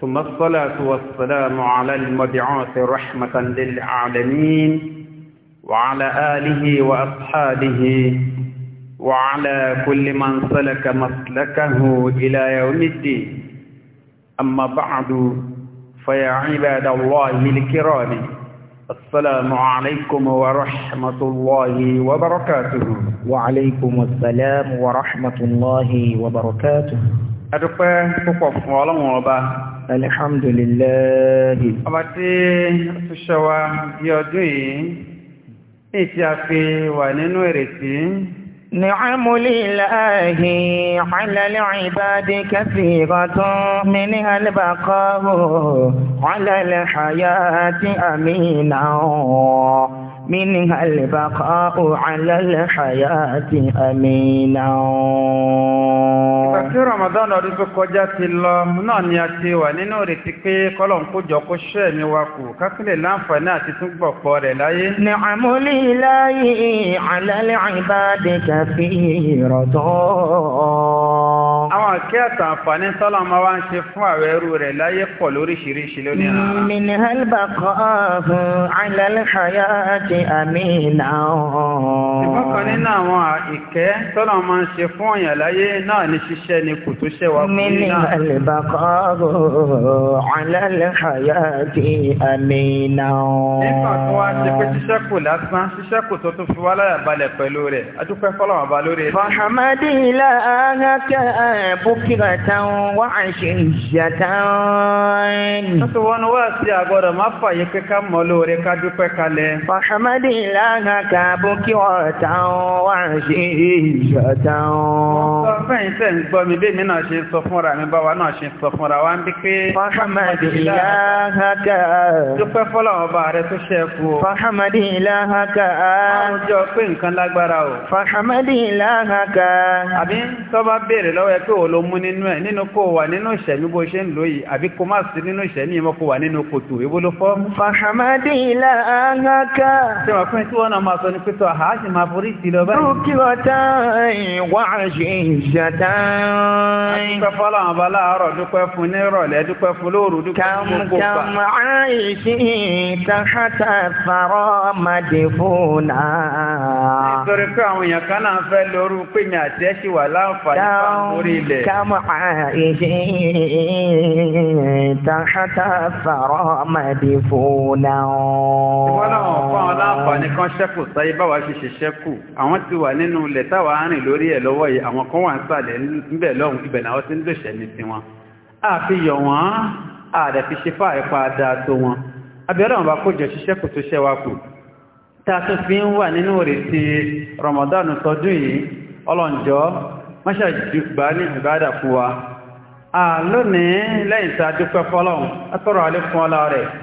ثم الصلاة والسلام على المبعوث رحمة للعالمين وعلى آله وأصحابه وعلى كل من سلك مسلكه إلى يوم الدين أما بعد فيا عباد الله الكرام السلام عليكم ورحمة الله وبركاته وعليكم السلام ورحمة الله وبركاته أدفع فقف ولم alhamdulillahi ọba tí ó ṣọwa bí ọdún yìí ní tí a fi wà nínú ìrètí نعم لله على العباد كثيرة منها البقاء على الحياة أمينا منها البقاء على الحياة أمينا Ìgbàtí Ramadan ọdún tó kọjá ti lọ náà ni a ti wà nínú ìrètí pé kọ́lọ̀n kó jọ kó ṣẹ́ mi wa kù kákílẹ̀ láǹfààní àti tún gbọ̀pọ̀ rẹ̀ láyé. Ní àmúlé láyé àlálẹ́ àìbáde kàfí ìrọ̀tọ́. Àwọn akẹ́ àtàǹfààní sọ́lọ́ máa wá ń ṣe fún àwẹ̀ rẹ̀ láyé pọ̀ lóríṣiríṣi lónìí àmì náà. ìfọ́kàn nínú àwọn ìkẹ́ tọ́lọ̀ máa ń ṣe fún ọ̀yàn láyé náà ní ṣiṣẹ́ ni kò tó ṣẹ́ wà fún iná. mímí tó wá ṣe pé ṣiṣẹ́ kù lásán ṣiṣẹ́ kù tó tún fi wá láyà pẹ̀lú rẹ̀ adúpẹ́ fọ́lọ́mà bá lórí rẹ̀. محمد لك بكرة وعشيشة محمد لك dúpẹ́ fọ́lọ́wọ́ bá rẹ̀ tó ṣẹ́kù o. fàhámàdì ìlàhàkà. àwùjọ pé nǹkan lágbára o. fàhámàdì ìlàhàkà. àbí tó bá béèrè lọ́wọ́ ẹ pé ò ló mú nínú ẹ̀ nínú kó wà nínú ìṣẹ̀mí bó ṣe ń lò yìí àbí kó má sí nínú ìṣẹ̀mí ìmọ̀ kó wà nínú kòtò ṣe wà fún ìtúwọ́n náà máa sọ ní pẹ́tọ̀ àhá ṣe máa forí sí lọ báyìí. rúkì ọ̀tá ìwà ṣe ìṣàtá. dúpẹ́ fọ́lá àwọn bala àárọ̀ dúpẹ́ fún ní ìrọ̀lẹ́ dúpẹ́ fún lóru dúpẹ́ fún gbogbo. kàmkàm àìsí tàhátà fàrọ̀ màdì fúnà. nítorí pé àwọn èèyàn kan náà fẹ́ lóru pé ní àtẹ́ sì wà láǹfààní fáwọn orí ilẹ̀. kàmkàm àǹfààní kan ṣẹ́kù sáyé báwa ṣe ṣe ṣẹ́kù àwọn ti wà nínú ilẹ̀ táwa rìn lórí ẹ̀ lọ́wọ́ yìí àwọn kan wà ń sàlẹ̀ ńbẹ̀ lọ́hùn ibẹ̀ náà ti ń lòṣẹ̀ ní tiwọn àfihàn wọn ààrẹ fi ṣe fáà ipa dáa tó wọn abẹ́rẹ́ àwọn bá kójọ ṣiṣẹ́ a tún fi ń wà nínú ìrètí Ramadan tọdún yìí ọlọ́njọ́ mọ́ṣáàjú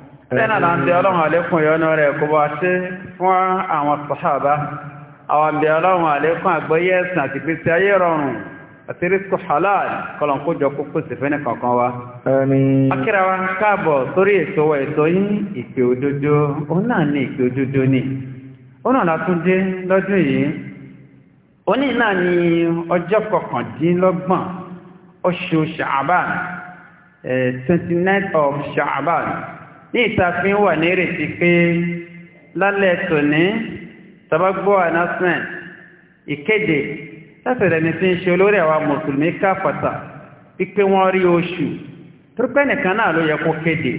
Tẹ́nà là ń bẹ ọlọ́run àlékún ìyọ́nú rẹ̀ kó bá ṣe fún àwọn sàhábà, àwọn bẹ ọlọ́run àlékún àgbọ́yé ẹ̀sìn àti pèsè ayé rọrùn àti rísíkù halal kọlọ̀n kó jọ kó pèsè ní kankan wa. Akíra wa káàbọ̀ sórí ètò wa ètò yìí ìpè òdodo, òun náà ní ìpè òdodo ni. Ó náà látúndé lọ́dún yìí. Òní náà ni ọjọ́ kọkàndínlọ́gbọ̀n oṣù Ṣàbàn, eh, of ní ìtàfin wà ní ìrètí pé lálẹ́ tòní tabagbó announcement ìkéde lásìrẹ̀ ní tí ń ṣe olórí àwa mùsùlùmí káfàtà pípé wọ́n rí oṣù torípẹ́ nìkan náà ló yẹ kó kéde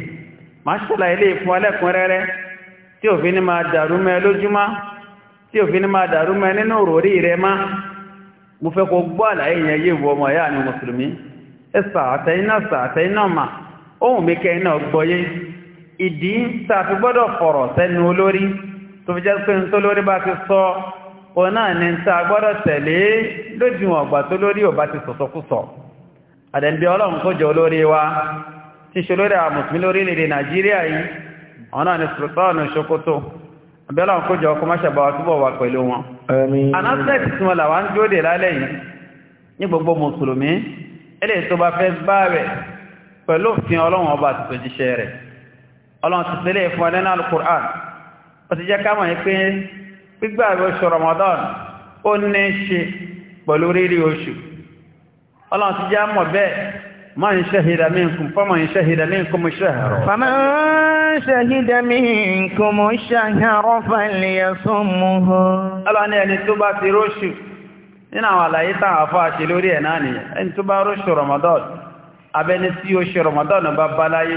máa ṣàlàyé ilé ìfún alẹ́kùnrẹ́rẹ́ tí òfin ní máa dàrú mẹ́ lójúmá tí òfin ni máa dàrú mẹ́ nínú òròrí rẹ má mo fẹ́ kó gbọ́ àlàyé yẹn yé wọ ọmọ ìyá mi mùsùlùmí ẹ sàtẹ́yìn náà sàtẹ́yìn náà mà ohun mi kẹ́yìn náà gbọ́yé ìdí tàfi gbọ́dọ̀ fọ̀rọ̀ sẹ́nu olórí tó fi jẹ́ pé ń tó lórí bá ti sọ o náà ni ń tà gbọ́dọ̀ tẹ̀lé lójúwọ̀n ọgbà tó lórí ò bá ti sọ̀sọ̀kúsọ̀ àdẹ̀bí ọlọ́run kó jẹ olórí wa tí ṣe lórí àwọn mùsùlùmí lórílẹ̀-èdè nàìjíríà yìí àwọn náà ni sultanu sokoto abẹ́lá ọkọ̀ jọ ọkọ̀ máṣe bá wa túbọ̀ wà pẹ̀lú wọn anásẹ́ẹ̀tì tí wọ́n làwọn dúró dè lálẹ́ yìí ní gbogbo mùsùlùmí eléyìí tó bá fẹ́ bá rẹ̀ pẹ̀lú òfin ọlọ́run ọba àti tòjíṣẹ́ rẹ̀ ọlọ́run ti sílẹ̀ fún ẹni náà alukur'an ó ti jẹ́ káwọn yìí pé gbígbà oṣù ramadan ó ní ṣe pẹ̀lú rírí oṣù ọlọ́run ti jẹ́ mọ̀ bẹ́ẹ̀ man shahida minkum faman shahida minkum shahra faman shahida minkum shahra falyasumhu ọlọ́run ẹni tó bá ti róṣù nínú àwọn àlàyé táwọn afọ́ àṣẹ lórí ẹ̀ náà nìyẹn ẹni tó bá róṣù ramadan abẹni tí oṣù ramadan bá bá láyé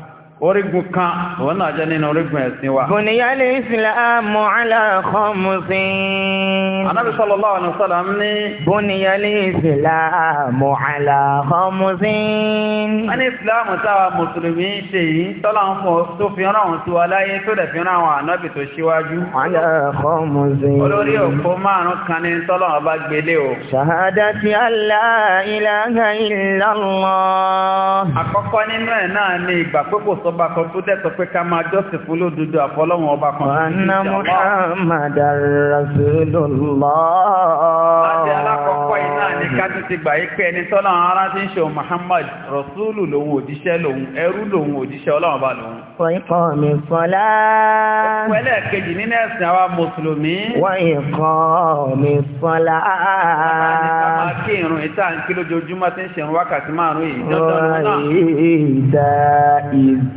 orígun kan òun náà jẹ́ nínú orígun ẹ̀sìn wa. bùnìyàlì ìsìlámù aláàkọ́mùsí. anábì sallallahu alaihi wasallam ní. bùnìyàlì ìsìlámù aláàkọ́mùsí. wọ́n ní ìsìlámù táwa mùsùlùmí ṣe yìí tọ́lá ń fọ tó fi ràn wọ́n tó aláyé tó dẹ̀ fi ràn wọ́n ànábì tó ṣíwájú. aláàkọ́mùsí. olórí òkú márùn-ún kan ní tọ́lá wọn bá gbélé o. ṣahadati alla ilaha illallah sọba kan tó dẹ́tọ̀ pé ká máa jọ́sìn fún lódodo àfọlọ́wọ́n ọba kan tó Rasulullah. ń ṣe Muhammad Rasulu lòun òjíṣẹ́ lòun ẹrú lòun òjíṣẹ́ ọlọ́run lòun. wọ́n kọ́ mi kejì nínú ẹ̀sìn àwa mùsùlùmí. wọ́n kọ́ kí irun ìta ń kí lójoojúmọ́ ti ń ṣe irun wákàtí márùn-ún yìí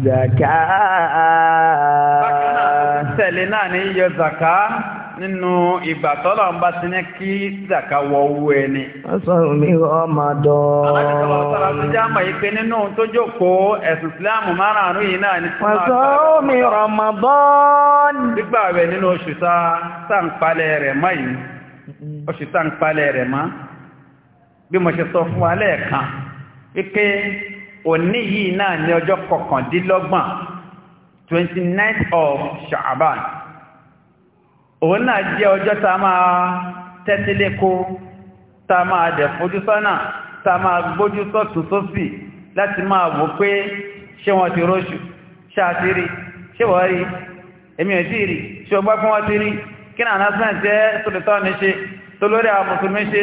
zaka. bákan náà tẹ̀lé náà ní yọ zaka nínú ìgbà tọ́lọ̀ ń bá ti ní kí zaka wọ owó ẹni. wọ́n sọ mi Ramadan. àwọn ìjọba ọ̀sára tó jẹ́ àmọ̀ yìí pé nínú tó jókòó ẹ̀sùn Ìsìláàmù márùn-ún yìí náà ní. wọ́n sọ mi Ramadan. gbígbà rẹ̀ nínú oṣù tá ń palẹ̀ rẹ̀ mọ́ yìí oṣù tá ń palẹ̀ rẹ̀ mọ́ bí mo ṣe sọ fún wa lẹ́ẹ̀kan wípé òní yìí náà ní ọjọ́ kọkàndínlọ́gbọ̀n 29th of Sha'aban òun náà jẹ́ ọjọ́ tá máa tẹ́tíléko tá máa dẹ̀ fojú sọ́nà tá máa gbójú sọ́tún sósì láti máa wò pé ṣé wọ́n ti róṣù ṣáàtírí ṣé wọ́n rí èmi ò tí rí ṣe ọgbá fún wọ́n ti rí kí ní announcement yẹ́ tó lè tọ́ ṣe tó lórí àwọn mùsùlùmí ṣe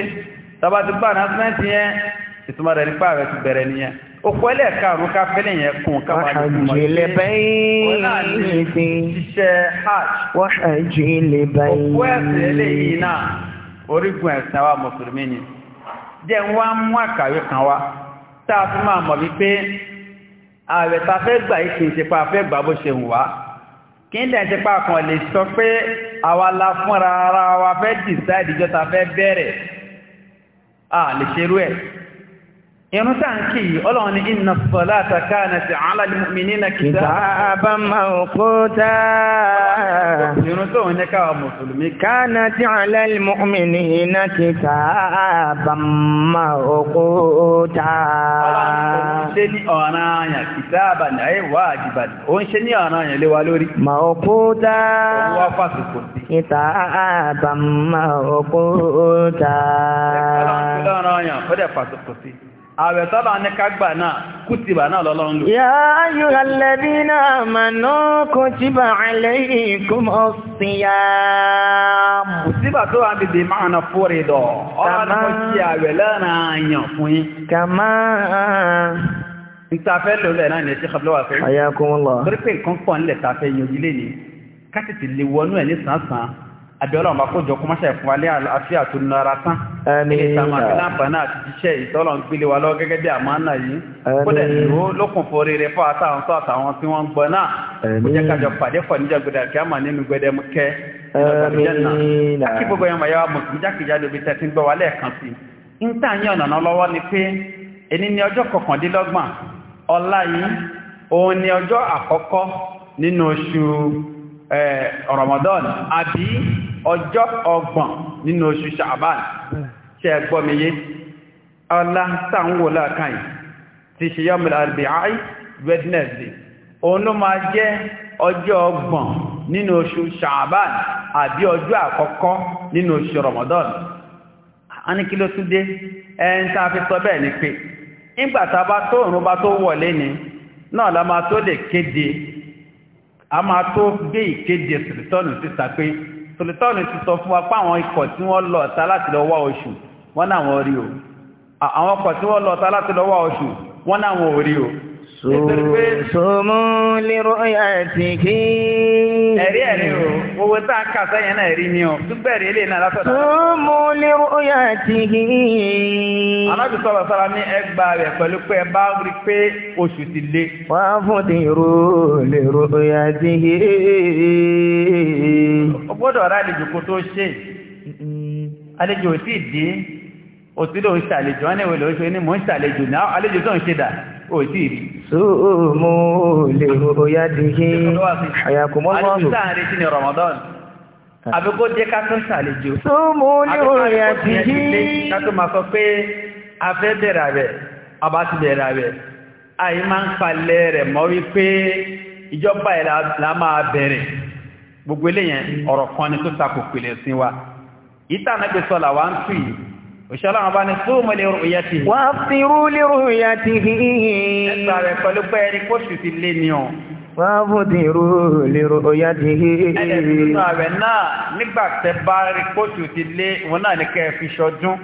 tàbátí announcement yẹn ìtumọ̀ rẹ̀ nípa rẹ̀ ti bẹ̀rẹ̀ nìyẹn òkú ẹlẹ́ẹ̀karùn ká fẹ́lẹ̀ yẹn kún káwá lójúmọ́ ilé ṣiṣẹ́ hajj òkú ẹ̀sìn eléyìí náà orígun ẹ̀sìn àwa mùsùlùmí ni jẹ́ ń wá mú àkàwé kan wá tá a fi máa mọ̀ wípé ààrẹ ta fẹ́ gbà yìí kì í ṣe pa fẹ́ gbà bó ṣe wù wá kí n dẹ̀ ṣe pa kan lè sọ pé àwa la fúnra ara wa fẹ́ dìsáìdì jọ ta fẹ́ bẹ̀rẹ̀ à lè ṣerú ẹ̀ irun tá ń kí ọlọ́run ní inna salata kanat ala al-mu'minina kitaban mawquta irun tó ń nẹ́ká wa mùsùlùmí kanat ala al-mu'minina kitaban mawquta ọlọ́run ṣe ní ọ̀ràn àyàn kìtàbà náà wà àjìbàdì ó ń ṣe ní ọ̀ràn àyàn léwa lórí mawquta wọ́n fàṣùkò sí kitaban mawquta ọlọ́run ṣe lọ́rọ̀ àyàn ó dẹ̀ fàṣùkò sí ààrẹ sábà ní kágbà náà kútìbà náà lọ́lọ́run lò. yà á yóò lẹ́bí náà mà náà kò tíbà àlẹ́yìn kó mọ́ sí yá. kútìbà tó wà bìbì na ni mo ti ààrẹ lẹ́rìn àyàn fún yín. kàmá. ìtafẹ́ ló lẹ̀ náà ní ẹtí wà abiola ọmọ akójọ kó máṣe fún wa ní àlàáfíà tó nara tán ilé ìtàmà fílànfààní àti jíṣẹ́ ìtọ́lọ̀ ń gbélé wa lọ gẹ́gẹ́ bí àmánà yìí kódẹ̀ ló lókun fún oríire fún àtàwọn tó àtàwọn tí wọ́n ń gbọ́ náà kó jẹ́ kájọ pàdé fọ̀ níjà gbọdọ̀ wa mùsùlùmí jákèjádò ni pé èní ni ọjọ́ kọkàndínlọ́gbọ̀n ọ̀la yìí ni ọjọ́ Eh, Ramadan àbí ọjọ́ ọgbọ̀n nínú oṣù Ṣàbán ṣe ẹgbọ́miyé ọlá sáàwò láàkàn ti ṣe yọ́ mìíràn àbíháì Wednesday òun ló máa jẹ́ ọjọ́ ọgbọ̀n nínú oṣù Ṣàbán àbí ọjọ́ àkọ́kọ́ nínú oṣù Ramadan a ní kí ló tún ni pé ìgbàtà bá tó òrùn bá tó wọlé ni a máa tó gbé ìkéde sìrìtọ́nù síta pé sìrìtọ́nù ti sọ fún wa pé àwọn ikọ̀ tí wọ́n lọ ọ̀tá láti lọ wá oṣù wọ́n náà wọ́n rí o àwọn ikọ̀ tí wọ́n lọ ọ̀tá láti lọ wá oṣù wọ́n náà wọ́n rí o Sọ́mú lérò àti kí. Ẹ̀rí ẹ̀rí o, owó tá a kà sẹ́yìn náà rí ni o, dúgbẹ̀rẹ̀ ilé náà lásọ̀dọ̀. Sọ́mú lérò àti kí. Alábi sọ̀rọ̀ ní ẹgbà rẹ̀ pẹ̀lú pé ẹ bá rí pé oṣù ti le Wá fún ti rò lérò kí. O gbọdọ àlejò kó tó ṣe. Àlejò ò tí ì òtí ṣàlejò, òjì ìdí. sóòmù lè ròyà dìhí àyàkùmọ́ Ramadan ah. àbí kó jẹ́ ká tó ṣàlejò. sóòmù lè ròyà dìhí. ká tó máa sọ pé afẹ́ bẹ̀rẹ̀ rẹ̀ ọba ti bẹ̀rẹ̀ rẹ̀ àyí máa ń palẹ̀ rẹ̀ mọ́ wípé ìjọba ẹ̀ la máa bẹ̀rẹ̀ gbogbo eléyẹn ọ̀rọ̀ kan ni tó takò pèlè sí wa ìtànà gbèsọ́là wa ń tù yìí òṣèlú àwọn bá ní súnmọ́ lè rúyà tì í. wàá fi rú lè rúyà tì í. ẹ̀sà rẹ̀ pẹ̀lú pé ẹni kó sì ti lé ni ọ̀. wàá bò dé rú lè rúyà tì í. ẹ̀sìn náà nígbà tẹ bá rí kóṣù ti lé òun náà ní kẹ́ ẹ fi ṣọdún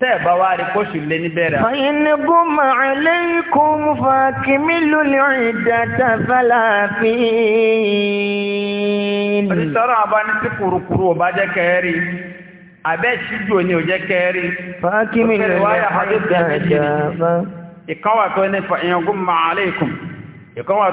tẹ́ bá wá rí kóṣù lé níbẹ̀rẹ̀. Fàyínní gómà aláìkún fa kìmí lulẹ̀ ìdàtà fàlàfíìn. Òṣìṣẹ́ ọ̀rọ̀ àbá ní tí kùrùkùrù ò bá jẹ́ kẹ́rì abẹ́ ṣíjò ní òjẹ́ kẹrin fàákìmí ìkọwà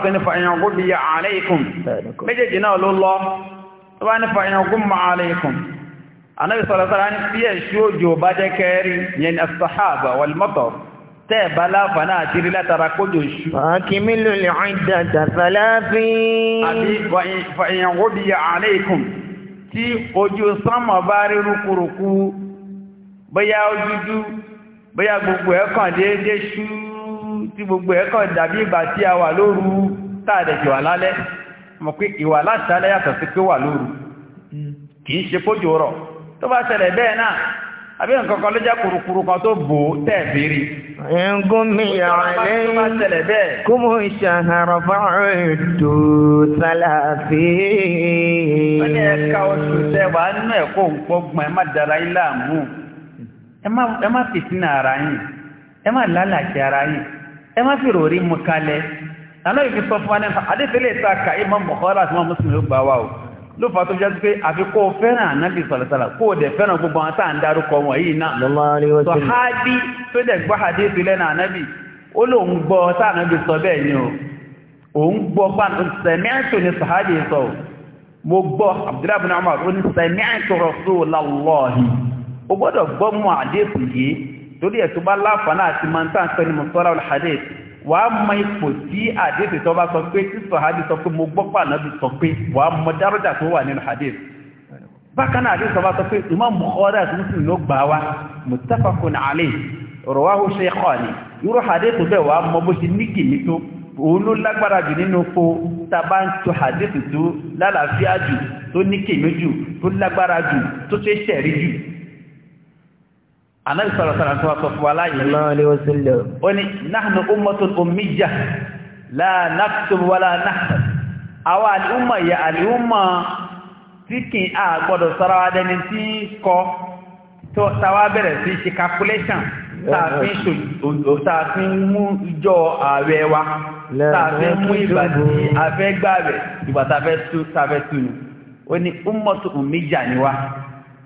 tó tí ojú sánmọ̀ bá rí rúkúrúkú bóyá ojúdú bóyá gbogbo ẹ̀kàn déédé ṣú tí gbogbo ẹ̀kàn dàbí ìgbà tí a wà lóru táàdẹ̀jì wà lálẹ́ mọ̀ pé ìwà láṣálẹ́ yàtọ̀ sí pé wà lóru kìí ṣe kójò rọ̀ tó bá ṣẹlẹ̀ bẹ́ẹ̀ náà àbí nǹkan kan ló jẹ́ kùrùkùrù kan tó bò ó tẹ̀ bèrè. ẹ̀ngún mi àlẹ́ kó mo ṣàhàrọ̀ fáwọn ètò sálàfí. wọ́n ní ẹ̀ka oṣù tẹ́wàá nínú ẹ̀kọ́ òǹkọ́gbọ̀n ẹ má dara yín láàmú ẹ má fìtínà ara yín ẹ má lálàjì ara yín ẹ má fi ròrí mu kalẹ̀. àná ìfi sọ fún wa nípa adéfẹ́lẹ́ ìta kà ìmọ̀ mọ̀kọ́lá àti mọ̀ mùsùlùmí ó gbà wá o ló fà tó jẹ́ sí pé àfikọ́ fẹ́ràn ànábì sọ̀lọ̀sọ̀lọ̀ kó o dẹ̀ fẹ́ràn gbogbo àwọn táà ń dárúkọ wọn yìí náà sọ̀hábí tó dẹ̀ gbọ́ àdéhùn lẹ́nu ànábì ó lóun gbọ́ táà ànábì sọ bẹ́ẹ̀ ni o òun gbọ́ sẹ̀mẹ́ǹtò ni sọ̀hábí sọ mo gbọ́ Abdullahi bin Umar ó ní sẹ̀mẹ́ǹtò Rasulullahi ó gbọ́dọ̀ gbọ́ mọ́ àdéhùn yìí torí ẹ̀ tó bá láǹfààní àti máa ń tàn wàá mọ ipò tí àdéhùn tó bá sọ pé tí sọ̀hádìí sọ pé mo gbọ́ pàànàbì sọ pé wàá mọ dárọ́jà tó wà nínú àdéhùn bákan náà àdéhùn tó bá sọ pé Imam Bukhari àti Muslim ló gbà wá muttafaqun alayh rawahu shaykhani irú àdéhùn bẹ́ẹ̀ wàá mọ bó ṣe níkì ní tó òun ló lágbára jù nínú fo tàbá ń tó àdéhùn tó lálàáfíà jù tó níkì méjù tó lágbára jù tó ṣe ṣẹ̀rí jù Ànábì sọ̀rọ̀ sọ̀rọ̀ tó wá sọ fún wa láyé. Ó ní, Nahnu ummatun ummiya, la naktubu wa la nahsab. Àwa àlúmọ̀ yẹ àlúmọ̀ tí kì á gbọ́dọ̀ sọ́ra wa dẹni tí kọ mú ìjọ ààrẹ wa, tààfin mú ìgbà tí a fẹ́ gbà rẹ̀, ìgbà tààfẹ́ tú ni. Ó ní, Ummatu ummiya ni wa.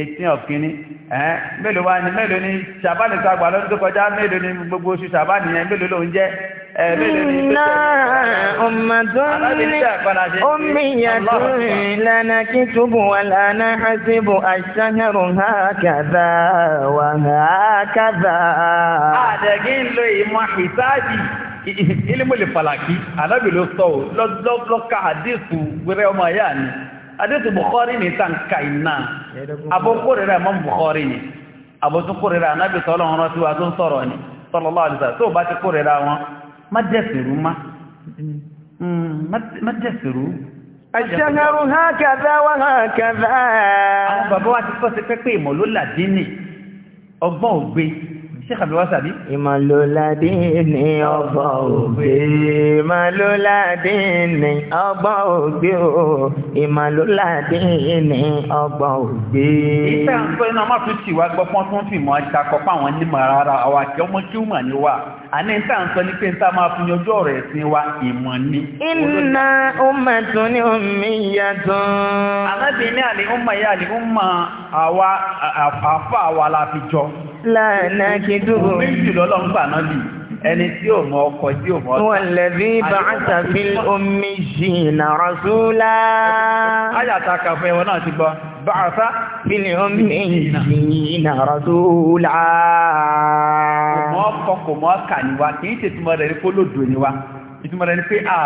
eighteen ọ̀kínní ẹ̀ẹ́n mélòó wá ní mélòó ní ṣàbánì tó àgbà lọ́dún tó kọjá mélòó ní gbogbo oṣù ṣàbánì yẹn mélòó ló ń jẹ́ Lana kitubu wa lana hasibu aṣ-ṣahru hakadha wa hakadha. Àdẹ̀gí ń lo ìmọ̀ ìsáàjì ilé mọ̀lẹ̀ fàlàkì, àlábì ló sọ lọ́ka àdìsù wẹ́rẹ́ ọmọ ayá ni adétù bukhari ní ka iná abókórira imam bukhari ní abótúnkórira anábì sọ́lọ́ ọ̀rọ̀ tí wà tó ń sọ̀rọ̀ ní sallallahu alaihi wasallam tó bá ti kórira wọn má jẹ́sìrú má jẹ́sìrú aṣẹ́hẹ́rù hákàdá wà hákàdá àwọn bàbá wa ti sọ́ sí pẹ́pẹ́ ìmọ̀ ló làdínì Sheikh Abdul Wasabi. Ìmọ̀lóládé ni ọgbọ́ ògbé. Ìmọ̀lóládé ni ọgbọ́ ògbé o. Ìmọ̀lóládé ni ọgbọ́ ògbé. Ìfẹ́ ń pẹ́ náà má tún tì wá gbọ́ fún tún fìmọ̀ ìtakọ̀ fáwọn onímọ̀ rárá àwọn àti ọmọ kí ó mà ní wà. Àní ń tà ń sọ ní pé ń tà máa fi yanjú ọ̀rọ̀ ẹ̀sìn wa ìmọ̀ ni. Iná ọmọ tún ní omi yàtọ̀. Àlábìnrin àlè àlè ọmọ àwa àfa àwa la fi lánà kìdùn. méjì lọ́lọ́run gbà náà bì ẹni tí ò mọ ọkọ tí ò mọ ọkọ. wọn lẹbi bàtà fi omi jìnnà rọ̀ṣúlá. ayàtà kàfẹ́ wọn náà ti gbọ́. bàtà fi omi jìnnà rọ̀ṣúlá. kò mọ ọkọ kò mọ ọkà ni wa kì í ṣe ìtumọ̀ rẹ̀ ní kó lòdò ìtumọ̀ rẹ̀ ní pé a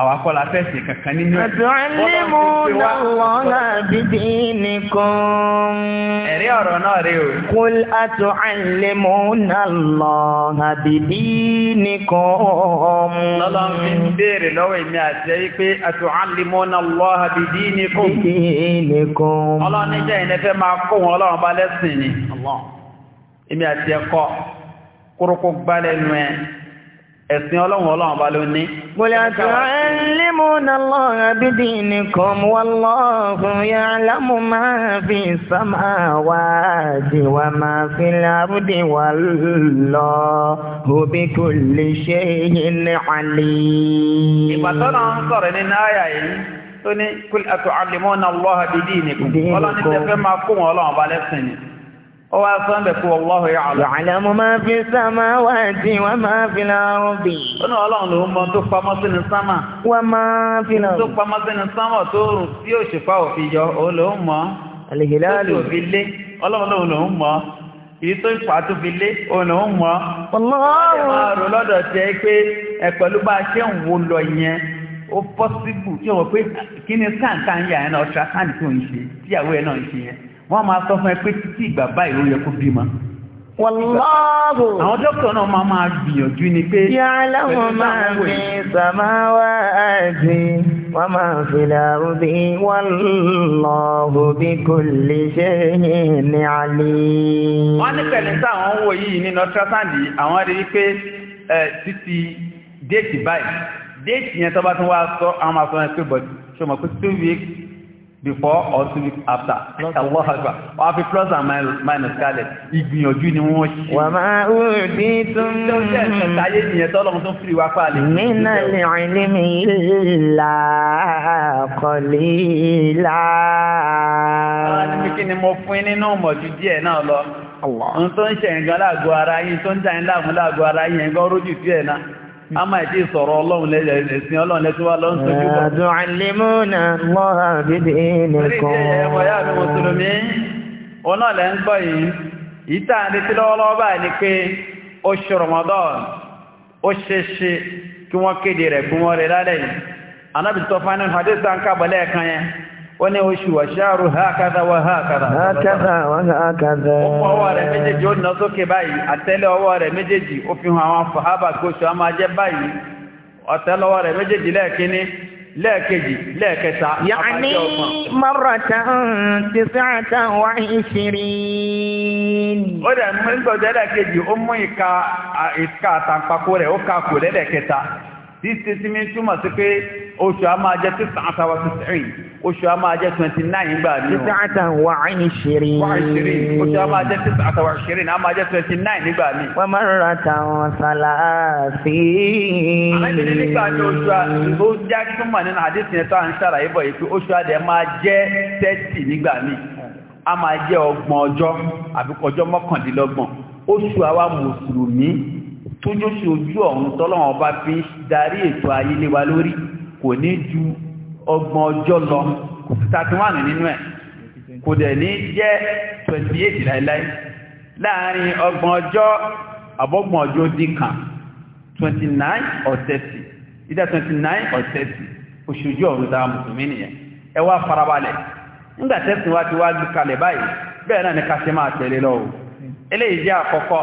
àwọn akọ́lá fẹ́sì kankan nínú ẹ̀. Àtù'allimūnallāha bidīnikum. Ẹ̀rí ọ̀rọ̀ náà rí o. Qul àtù'allimūnallāha bidīnikum. Lọ́lọ́ fi ń béèrè lọ́wọ́ èmi àti ẹ́ pé àtù'allimūnallāha bidīnikum. Bidīnikum. Ọlọ́run níjẹ́ ìnẹ́fẹ́ máa kó wọn ọlọ́run bá lẹ́sìn ni. Èmi àti ẹ̀kọ́ kúrúkú gbálẹ́nu ẹ̀ ẹ̀sìn ọlọ́run ọlọ́run bá ló ní. Bọ̀lẹ̀ àti ẹ̀lẹ́mù náà lọ́rọ̀ bídí nìkan wallahu ya'lamu máa fi samawati wa máa fi al-ardi wallahu bi kulli shay'in alim. tó ní kul atu'allimuna Allaha bidinikum. Ọlọ́run ti fẹ́ máa kó ọlọ́run bá lẹ́sìn ni. ó wá sọ ń bẹ̀ fún wallahu ya'lamu. ya'lamu ma fi samawati wa ma fil ardi. ó ní ọlọ́run ló ń tó pamọ́ sínú sámà. wa tó pamọ́ sámà tó rùn tí òṣùpá òfin yọ ló ń mọ̀. fi lé ọlọ́run lòun ló ń mọ̀ tó ìpà tó fi lé ń ọlọ́run lọ́dọ̀ pé wọ́n máa sọ fún ẹ pé títí ìgbà báyìí ó yẹ kó bímọ. Wàláàbò. Àwọn dókítà náà máa máa gbìyànjú ni pé. Yà láwọn máa fi sàmáwá àti wọ́n máa fi dàrú bí wàláàbò bí kò lè ṣe ní àlè. Wọ́n ní pẹ̀lú táwọn ń yìí nínú ultrasound yìí, àwọn rí i pé títí déètì báyìí. Déètì yẹn tó bá tún wá sọ, àwọn máa sọ wọn pé bọ̀dù. Ṣé o mọ̀ pé two before or to look after. Allah Akbar. Wọ́n fi plus and minus kalẹ̀. Ìgbìyànjú ni wọ́n ṣe. Wà máa ó bí tún. Ṣé o ṣe ẹ̀ṣẹ̀ táyé ìyẹn tọ́lọ́run tó fìrí wá pàlẹ́? Nínà lè rìn lé mi ìlà kọ̀lé ìlà. Àwọn ní kí ni mo fún nínú ìmọ̀jú díẹ̀ náà lọ. Àwọn tó ń ṣe nǹkan láàgọ́ ara yín tó ń dá yín láàmú láàgọ́ ara yín ẹ̀gọ́ rójú díẹ̀ náà a máa ti sọ̀rọ̀ ọlọ́run lẹ́sìn ọlọ́run lẹ́sìn wá lọ́n tójú bọ̀. àdùn àlèmọ́nà lọ́ha bíbí nìkan. ọ̀yá mi mùsùlùmí òun náà lẹ́ ń gbọ́ yìí yìí tá à ń retí lọ́wọ́lọ́wọ́ báyìí ni pé oṣù Ramadan ó ṣe é ṣe kí wọ́n kéde rẹ̀ gbọ́n rẹ̀ lálẹ́ yìí anábìtọ́ fánínú hadith wọ́n ní oṣù àṣàrù hákàdà wà hákàdà. hákàdà wà hákàdà. ó fọ ọwọ́ rẹ̀ méjèèjì ó nà sókè báyìí àtẹ́lẹ̀ ọwọ́ rẹ̀ méjèèjì ó fi hàn àwọn fàábà gbóṣù àmà jẹ́ báyìí àtẹ́lẹ̀ ọwọ́ rẹ̀ méjèèjì lẹ́ẹ̀kíní lẹ́ẹ̀kejì lẹ́ẹ̀kẹta. yàní mọ́rọ̀tà tí sísí mi túmọ̀ sí pé oṣù a máa jẹ́ títàn àtàwà títàn oṣù a jẹ́ twenty nine gbà ní o. títàn wà ní ṣeré. wà ní ṣeré oṣù a máa jẹ́ títàn àtàwà ṣeré a máa jẹ́ twenty nine nígbà ní. wọ́n máa rọra tàwọn sàlàáfì. àlejò nígbà ní oṣù a ó já túmọ̀ nínú àdéhùn yẹn tó à ń ṣàlàyé bọ̀ yìí pé oṣù a máa jẹ́ thirty nígbà ní. a máa jẹ́ ọgbọ̀n ọjọ́ àbí ọjọ́ mọ́kàndínlọ́gbọ̀n oṣù àwa mùsùlùmí tójó sí ojú ọ̀hún tọ́lọ́wọ́n bá fi darí ètò ayé lé wa lórí kò ní ju ọgbọ̀n ọjọ́ lọ kò sí thirty one nínú ẹ̀ kò dẹ̀ ní jẹ́ twenty eight láíláí láàárín ọgbọ̀n ọjọ́ àbọ̀gbọ̀n ọjọ́ dín kan twenty nine or thirty either twenty nine or thirty oṣù ojú ọ̀run dára mùsùlùmí nìyẹn ẹ wá farabalẹ̀ nígbà tẹ́sìn wa ti wá gbé kalẹ̀ báyìí bẹ́ẹ̀ náà ni ká ṣe máa tẹ̀lé lọ́wọ́ eléyìí jẹ́ àkọ́kọ́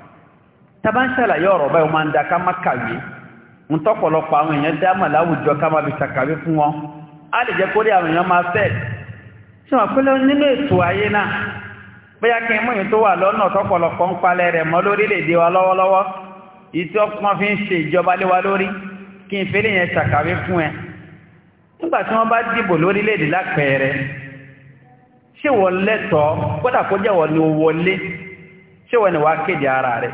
tàbá ń ṣàlàyé ọ̀rọ̀ báyìí wọ́n dá ká má kàwé ń tọ́pọ̀lọpọ̀ àwọn èèyàn dámà láwùjọ ká má fi ṣàkàwé fún wọn á lè jẹ́ kórí àwọn èèyàn máa fẹ́ ṣe wọ́n pẹ́lẹ́ nínú ètò ayé náà bóyá kí n mọ̀yìn tó wà lọ́nà tọ́pọ̀lọpọ̀ ń palẹ̀ rẹ̀ mọ́ lórílẹ̀ di wa lọ́wọ́lọ́wọ́ yìí tí wọ́n fi ń ṣe ìjọba lé wa lórí kí n fẹ́lẹ̀ yẹn ṣàkàwé fún ẹ nígbà tí wọ́n bá dìbò lórílẹ̀-èdè lápẹẹrẹ ṣé wọ́n lẹ́tọ̀ọ́ kódà kó jẹ́ wọ́n ni wọlé ṣé wọ́n ni wàá kéde ara rẹ̀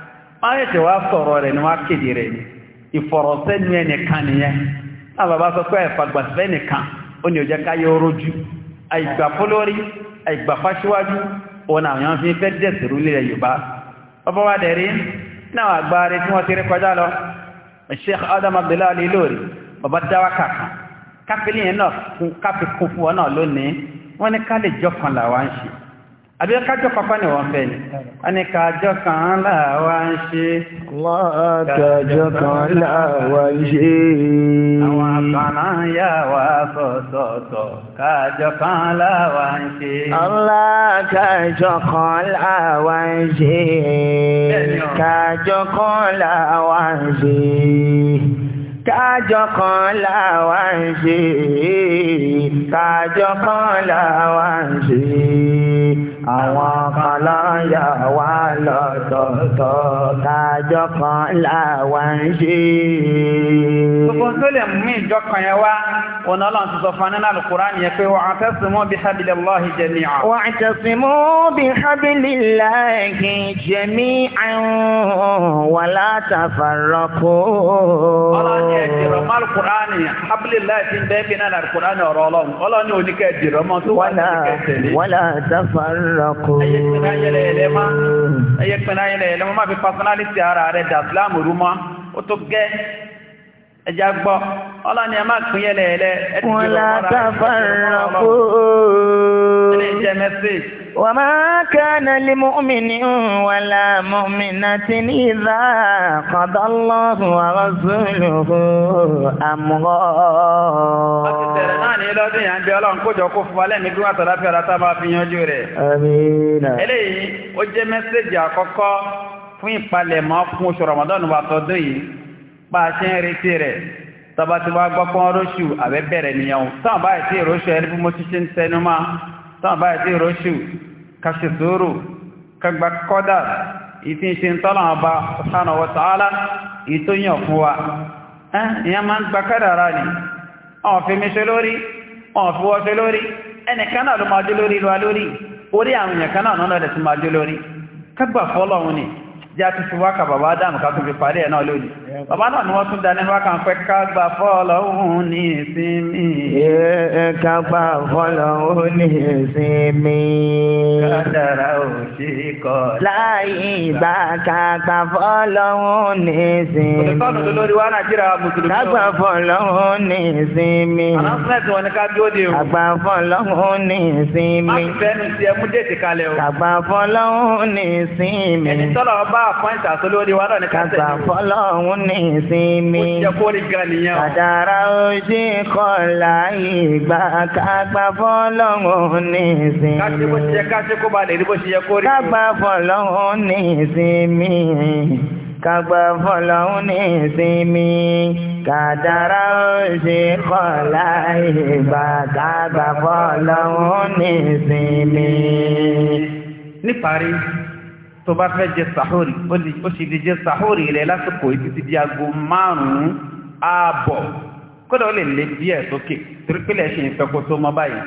ayé tí wàá sọ̀rọ̀ rẹ̀ ni wàá kéde rẹ̀ ni ìfọ̀rọ̀sẹ́nu ẹnìkan nìyẹn náà bàbá sọ pé ẹ̀fàgbàsẹ́ nìkan ó ní òjẹ́ káyé orójú àìgbà fólórí àìgbà fáṣíwájú òun àwọn èèyàn fi fẹ́ dẹ̀sì rúlẹ̀ yorùbá ọba wa dẹ̀rí náà àgbà rẹ̀ tí wọ́n ti rí náà àbí kájọ pàpá ni wọ́n fẹ́ ni a ní kájọ kan láàwá ń ṣe kájọ kan láàwá ń ṣe àwọn àkànná yà wá sọ̀tọ̀ọ̀tọ̀ kájọ kan láàwá ń ṣe aláàkájọ kan láàwá ń ṣe kájọ kan láàwá ń ṣe kájọ kan láàwá ń ṣe kájọ kan láàwá ń ṣe àwọn kan lọ́yọ̀ wá lọ́tọ̀ọ̀tọ̀ tájọ́ kan làwa ń ṣe. gbogbo tó lè mú ìjọ kan yẹn wá ọ̀nà ọlọ́run ti sọ fún anínà Al-Qur'an yẹn pé wọ́n àtẹ̀sìmú bí hablillahi jami'a. wọ́n àtẹ̀sìmú bí hablillahi jami'a wa la tafarraqu. ọlọ́run yẹn ti rọ̀ mọ́ Al-Qur'an yẹn hablillahi ti bẹ́ẹ̀ bí náà Al-Qur'an ọ̀rọ̀ ọlọ́run ọlọ́run ní tafaraku. ẹyẹ pẹ̀lú ayẹlẹ ẹlẹ́mọ́ ẹyẹ pẹ̀lú ayẹlẹ ẹlẹ́mọ́ máa fi personality ara rẹ̀ dà sílámù rú mọ́ ó tó gẹ́ ẹja gbọ́ ọlọ́ni ẹ má pín yẹlẹ ẹlẹ́ ẹ ti jẹ́ ọmọ rẹ̀. wọ́n lá tafaraku. ẹ وما كان لمؤمن ولا مؤمنة إذا قضى الله ورسوله أمرا lọ́dún yà ń bí ọlọ́run kójọ kó fún wa lẹ́mí bí wà tọ́lá fi ọ̀rá tá a máa fi yanjú rẹ̀. àmín. eléyìí ó jẹ́ mẹ́sẹ̀gì àkọ́kọ́ fún ìpalẹ̀mọ́ fún oṣù ramadan wa tọdún yìí bá a ṣe ń retí rẹ̀ tọba tí wàá gbọ́ pọ́n róṣù àbẹ́bẹ̀rẹ̀ nìyẹn o táwọn báyìí sí ìróṣù ẹni bí mo ti ṣe ń tẹnu máa tán báyìí tí rọ́ṣù kàṣẹ̀sọ́rò kagbà kọ́dà ìtí ṣe ń tọ́lọ̀ ọba subhanahu wa ta'ala ìtóyàn fún wa ìyẹn máa ń gba kádàrá ni ọ̀n lórí ọ̀n lórí ẹnìkan náà ló máa jó lórí lọ lórí kan náà náà lọ́dẹ̀ tí máa jó lórí kagbà fọ́lọ́run ni jẹ́ àti fi wákà bàbá dáàmù ká tún fi parí ẹ̀ bàbá náà ni wọ́n tún dání bá kàn pẹ́ ká gbà fọ́lọ́hún ní ìsinmi. ẹ ká gbà fọ́lọ́hún ní ìsinmi. kádàrá ò ṣe kọ́. láyé ìgbà ká gbà fọ́lọ́hún ní ìsinmi. òṣìṣẹ́ tó lórí wa nàìjíríà mùsùlùmí. ká gbà fọ́lọ́hún ní ìsinmi. àlàfẹ́ẹ̀tì wọn ni ká bí ó de o. àgbà fọ́lọ́hún ní ìsinmi. má fi fẹ́nu sí ní ìsinmi. ó jẹ́ kó rí gan nìyẹn. kàdàrà ojú kọlà ìgbà kágbà fọlọ́hún ní ìsinmi. káṣí bó ṣe yẹ káṣí kó ba lè rí bó ṣe yẹ kó rí. kágbà fọlọ́hún ní ìsinmi kagbà fọlọ́hún ní ìsinmi kàdàrà òṣè kọ́lá ìgbà kagbà fọlọ́hún ní ìsinmi. níparí tó bá fẹ́ jẹ sàhórì ó sì lè jẹ sàhórì rẹ̀ lásìkò ìtí ti di aago márùn-ún ààbọ̀ kódà ó lè lé díẹ̀ sókè torípìlẹ̀ ṣe ìfẹ́ kó tó mọ́ báyìí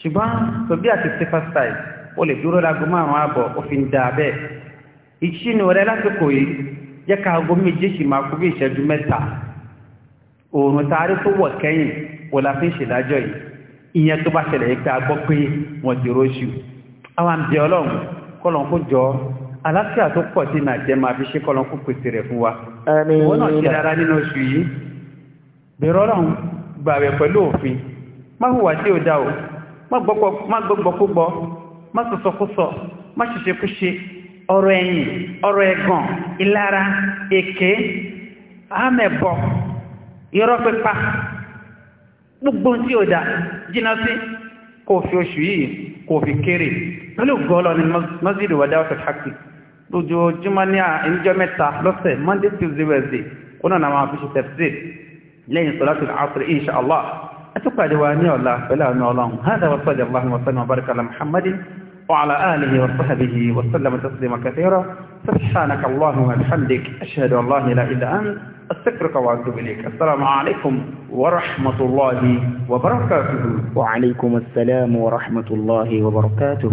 ṣùgbọ́n tó bí àti stephen style ó lè dúró láago márùn-ún ààbọ̀ ó fi ń da bẹ́ẹ̀ ìṣínú rẹ̀ lásìkò yìí jẹ́ ká aago méje máa kú bí ìṣẹ́jú mẹ́ta oòrùn taari tó wọ̀ kẹ́yìn wò la fi ń yìí ìyẹn tó bá ṣẹlẹ̀ yìí pé gbọ́ pé wọ́n ti róṣù àwọn àmì ọlọ́run kọ́lọ́n kó jọ àlàáfíà tó pọ̀ sí nàìjẹ́ máa fi ṣe kọ́lọ́n kó pèsè rẹ̀ fún wa wọ́n náà ṣe dára nínú oṣù yìí bẹ̀rẹ̀ ọlọ́run gbààwẹ̀ pẹ̀lú òfin má hùwà tí ó dá o má gbọ́gbọ́kúgbọ́ má sọ̀sọ̀kúsọ má ṣiṣẹ́kúṣe ọ̀rọ̀ ẹ̀yìn ọ̀rọ̀ ẹ̀gàn ìlara èké àmẹ̀bọ irọ́ pípa gbogbo tí ó dá jìnnà sí kò fi oṣù yìí kò fi kéré pẹ̀lú gọ́ọ̀lọ́ ni mọ́sídìí wà dáwọ́ fẹ́ lójoojúmọ́ ní ìjọ́ mẹ́ta lọ́sẹ̀ monday tuesday wednesday ó náà máa fi ṣe tafsir lẹ́yìn salatul asr insha allah أتقعد الله فلا أن هذا وصلى الله وسلم وبارك على محمد وعلى آله وصحبه وسلم تسليما كثيرا سبحانك اللهم وبحمدك أشهد أن لا إله إلا أنت أستغفرك وأتوب إليك السلام عليكم ورحمة الله وبركاته وعليكم السلام ورحمة الله وبركاته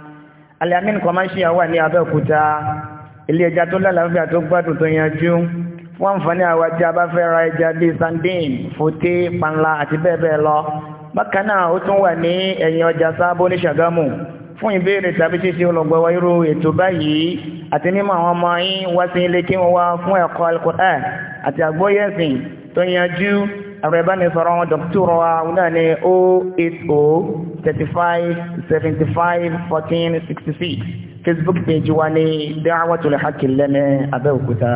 Al-Yamin commercial wà ní Abẹ́òkúta ilé ẹja tó lálàáfíà tó gbádùn tó yanjú fún àǹfààní àwọn ajá bá fẹ́ ra ẹja bíi sandin fòté panla àti bẹ́ẹ̀ bẹ́ẹ̀ lọ bákan náà ó tún wà ní ẹ̀yìn ọjà sábó ní Ṣàgámù fún ìbéèrè tàbí ṣíṣe olùgbọ̀wọ́ irú ètò báyìí àti mímọ̀ àwọn ọmọ yín wá sí ilé kí wọ́n wá fún ẹ̀kọ́ al àti àgbóyẹ̀sìn tó yanjú ẹ̀rọ ìbánisọ̀rọ̀ àwọn dọ̀kítọ̀rọ̀ wa òun náà ní o oh eight o oh, thirty five seventy five fourteen sixty six facebook page wa ní Da'watul Haqq Lẹ́mẹ̀ Abẹ́òkúta.